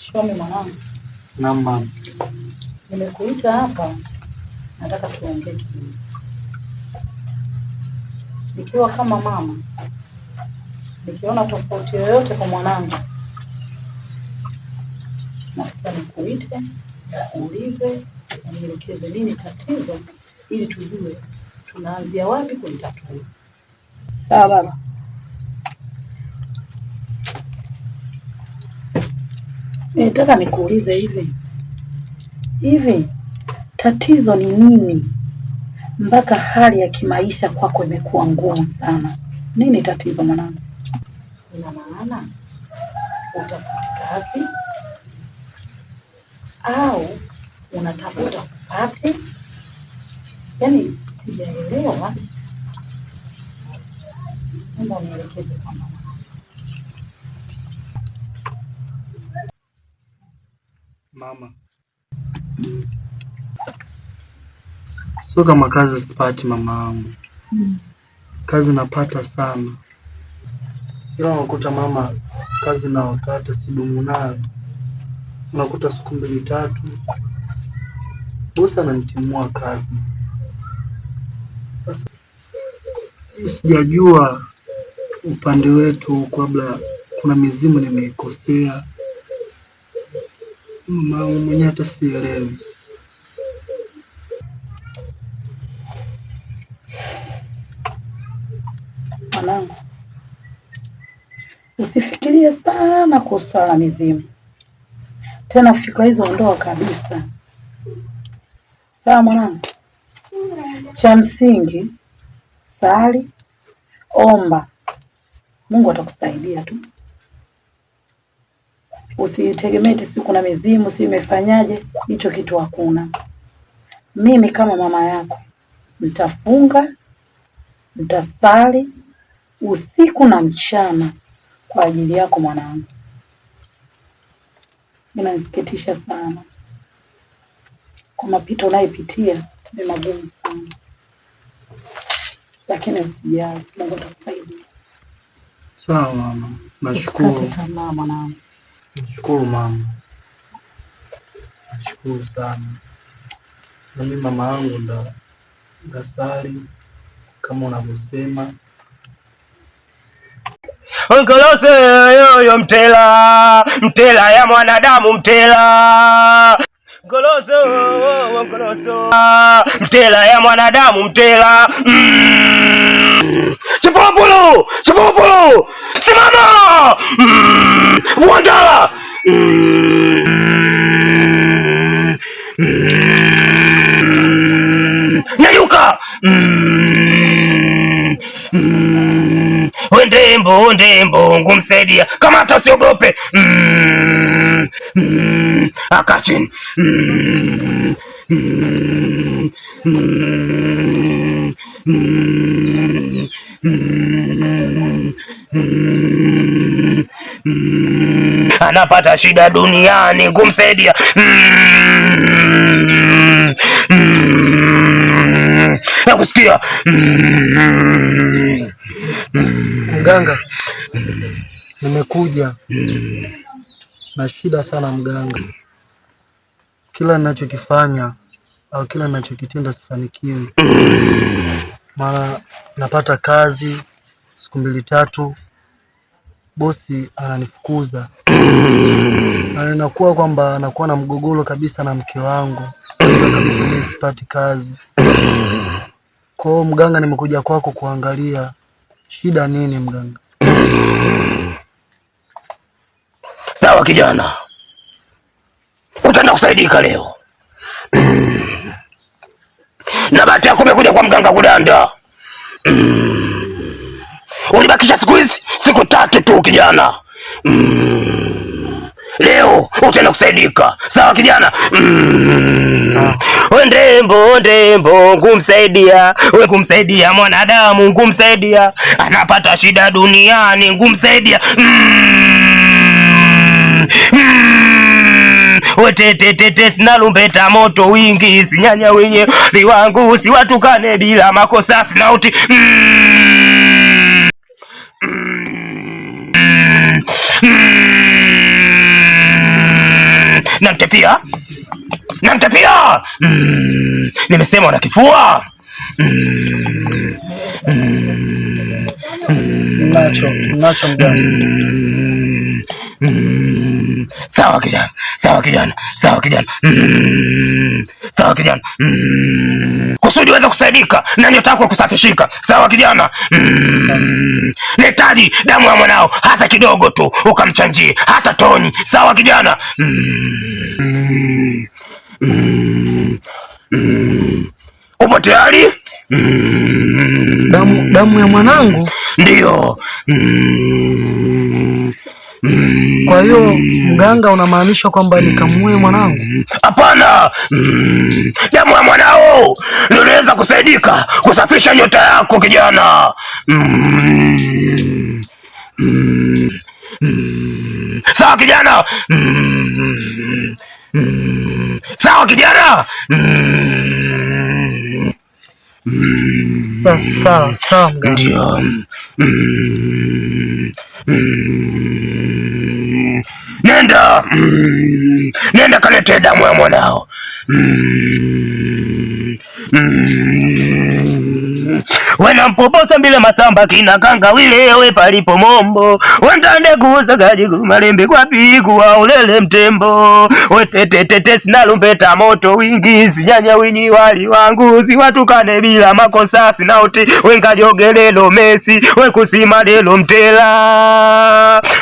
Shome mwanangu. Naam mama. Nimekuita hapa nataka tuongee kidogo. Nikiwa kama mama, nikiona tofauti yoyote kwa mwanangu, nataka nikuite, uulize, nielekeze nini tatizo, ili tujue tunaanzia wapi kulitatua. Sawa baba. Eh, nataka nikuulize hivi hivi, tatizo ni nini mpaka hali ya kimaisha kwako imekuwa ngumu sana? Nini tatizo mwanangu? Ina maana utafuti kazi au unatafuta kupate? Yaani sijaelewa, naomba nielekeze kwa mama. mama. Sio kama kazi sipati mama wangu, hmm. kazi napata sana, ila unakuta mama, kazi naopata sidumu nayo, unakuta siku mbili tatu bosi ananitimua kazi. sijajua upande wetu, kabla kuna mizimu nimeikosea mama wangu mwenyewe hata sielewi. Mwanangu, usifikirie sana kuhusu swala la mizimu tena, fikra hizo ondoa kabisa. Sawa mwanangu, cha msingi sali, omba, Mungu atakusaidia tu. Usitegemee siku kuna mizimu, si imefanyaje, hicho kitu hakuna. Mimi kama mama yako nitafunga, nitasali usiku na mchana kwa ajili yako mwanangu. Inanisikitisha sana kwa mapito unayopitia, ni magumu sana, lakini usijali, Mungu atakusaidia. Sawa mama, nashukuru. mwanangu. Nashukuru mama, nashukuru sana. Nami mama yangu nda ndasali kama unavyosema onkolose yoyo mtela mtela ya mwanadamu mtela Ngoloso, oh, oh Mtela ya mwanadamu mtela mm. Chipopolo! Chipopolo! Simama! Mm, Wandala! Mm, mm, nyanyuka! Mm, wendembo, wendembo, ngumsaidia. Kamata usiogope. Mm, mm, Mm, anapata shida duniani kumsaidia na kusikia mganga, nimekuja na shida sana mganga kila ninachokifanya au kila ninachokitenda sifanikiwi. Mara napata kazi siku mbili tatu, bosi ananifukuza na inakuwa kwamba anakuwa na mgogoro kabisa na mke wangu kabisa, mimi sipati kazi. Kwa hiyo mganga, nimekuja kwako kuangalia shida nini mganga. Sawa kijana utaenda kusaidika leo. Hmm. na bahati yako umekuja kwa mganga kudanda. Hmm. Ulibakisha siku hizi siku tatu tu kijana. Hmm. Leo utaenda kusaidika. Sawa kijana? ndembo ndembo ngumsaidia we, kumsaidia mwanadamu, ngumsaidia anapata shida duniani, ngumsaidia mm. mm wetetetete sinalumbeta moto wingi sinyanya wenye liwangu siwatukane bila makosa snauti mm. namtepia namtepia mm. nimesema na kifua mm. mm. nacho nacho mgani Mm. Sawa kijana, sawa kijana, sawa kijana. Mm. Sawa kijana. Mm. Kusudi uweze kusaidika na nyota yako kusafishika. Sawa kijana. Nahitaji damu ya mwanao hata kidogo tu ukamchanjie hata toni. Sawa kijana. Upo tayari? Damu, damu ya mwanangu? Ndiyo. Mm. Kwa hiyo mganga, unamaanisha kwamba nikamue mwanangu? Hapana, mm, damu ya mwanao ndio inaweza kusaidika kusafisha nyota yako kijana. mm, mm, mm. Sawa kijana. mm, mm. Sawa kijana. mm. Sawa sawa mganga. Ndio. Mm. Mm nenda, mm, nenda kalete damu ya mwanao mm, mm. Wanampoposa bila masamba kina kanga wile we palipo mombo. Wandande kuuza gaji malembe kwa piku wa ulele mtembo. Wetete tete moto wingi sinyanya winyi wali wangu si watu kane bila makosa sina uti wenga mesi we lelo mtela.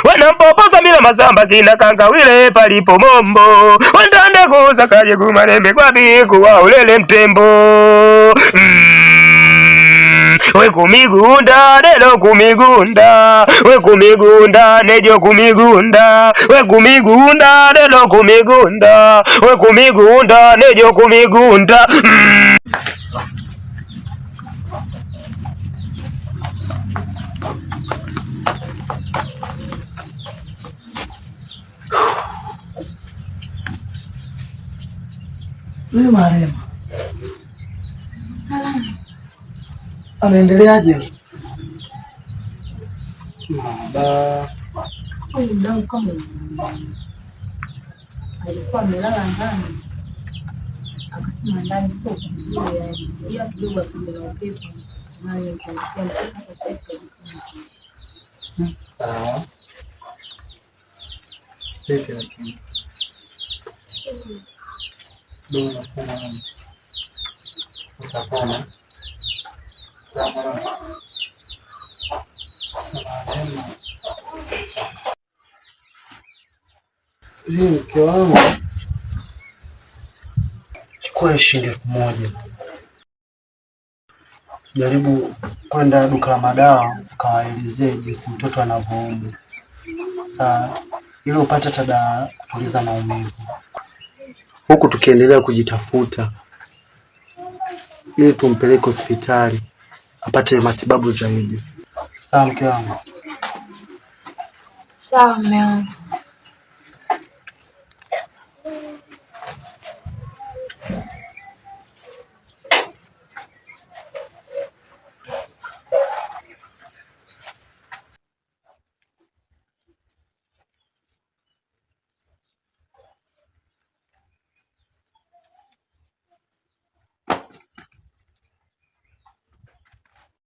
Wanampoposa bila masamba kina kanga wile palipo mombo. Wandande kuuza gaji malembe kwa piku wa ulele mtembo kumigunda neno kumigunda we kumigunda nejo kumigunda we kumigunda neno kumigunda we kumigunda nejo kumigunda Wewe marehemu Anaendeleaje? Baba alikuwa amelala ndani, akasema ndani sio kuzuri, alisikia kidogo akija upepo nayo. Sawa, utapona hii mke wangu, chukua shilingi elfu moja jaribu kwenda duka la madawa ukawaelezee jinsi mtoto anavyoumwa saa ili upate dawa kutuliza maumivu, huku tukiendelea kujitafuta ili tumpeleke hospitali apate matibabu zaidi. Sawa mke wangu. Sawa mume wangu.